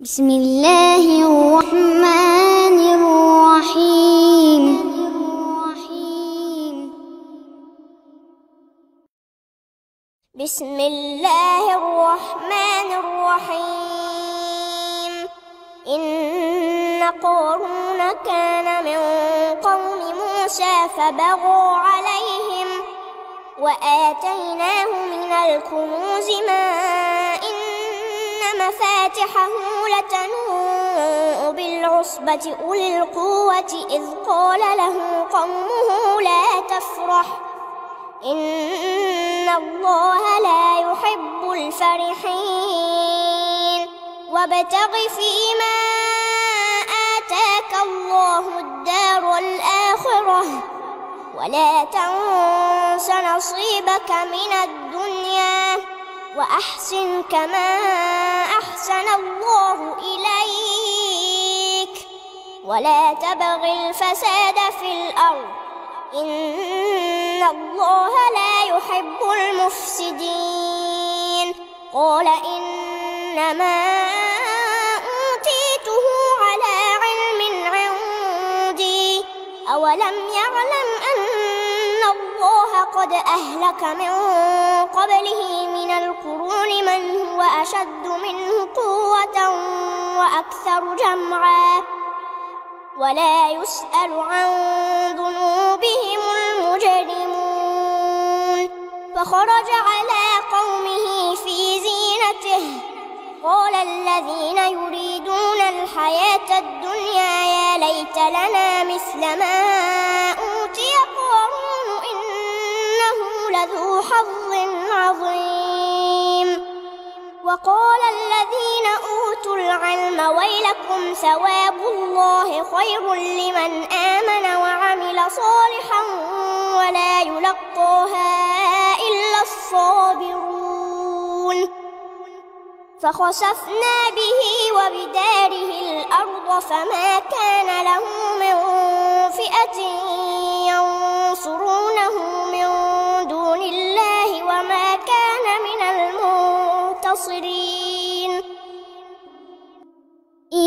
بسم الله الرحمن الرحيم بسم الله الرحمن الرحيم إن قارون كان من قوم موسى فبغوا عليهم وآتيناه من الكنوز ما إن أن مفاتحه لتنوء بالعصبة أولي القوة إذ قال له قومه لا تفرح إن الله لا يحب الفرحين وابتغ فيما آتاك الله الدار الآخرة ولا تنس نصيبك من الدنيا وأحسن كما الله إليك ولا تبغ الفساد في الأرض إن الله لا يحب المفسدين قال إنما أوتيته على علم عندي أولم ولقد أهلك من قبله من القرون من هو أشد منه قوة وأكثر جمعا ولا يسأل عن ذنوبهم المجرمون فخرج على قومه في زينته قال الذين يريدون الحياة الدنيا يا ليت لنا مثل ما لذو حظ عظيم وقال الذين أوتوا العلم ويلكم ثواب الله خير لمن آمن وعمل صالحا ولا يلقاها إلا الصابرون فخسفنا به وبداره الأرض فما كان له من فئة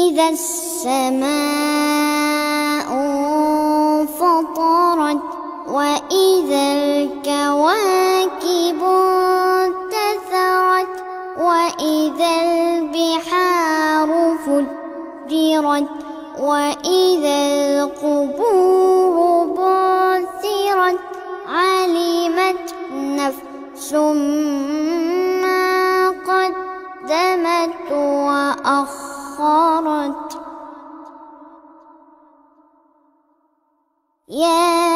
إذا السماء انفطرت وإذا الكواكب انتثرت وإذا البحار فجرت وإذا القبور بعثرت علمت نفس ما يا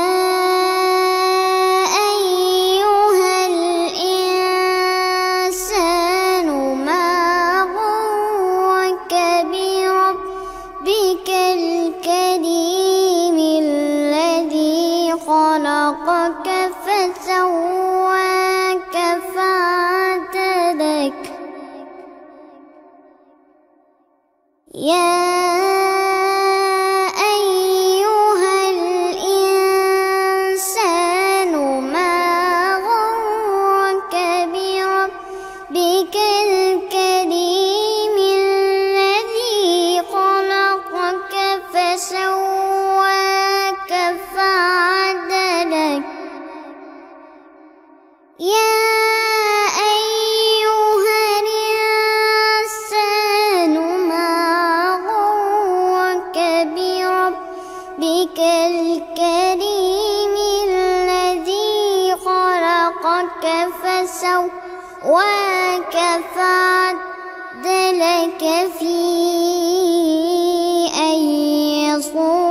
أيها الإنسان ما غرك بربك الكريم الذي خلقك فسواك فعدلك يا فسواك فعدلك في أي صورة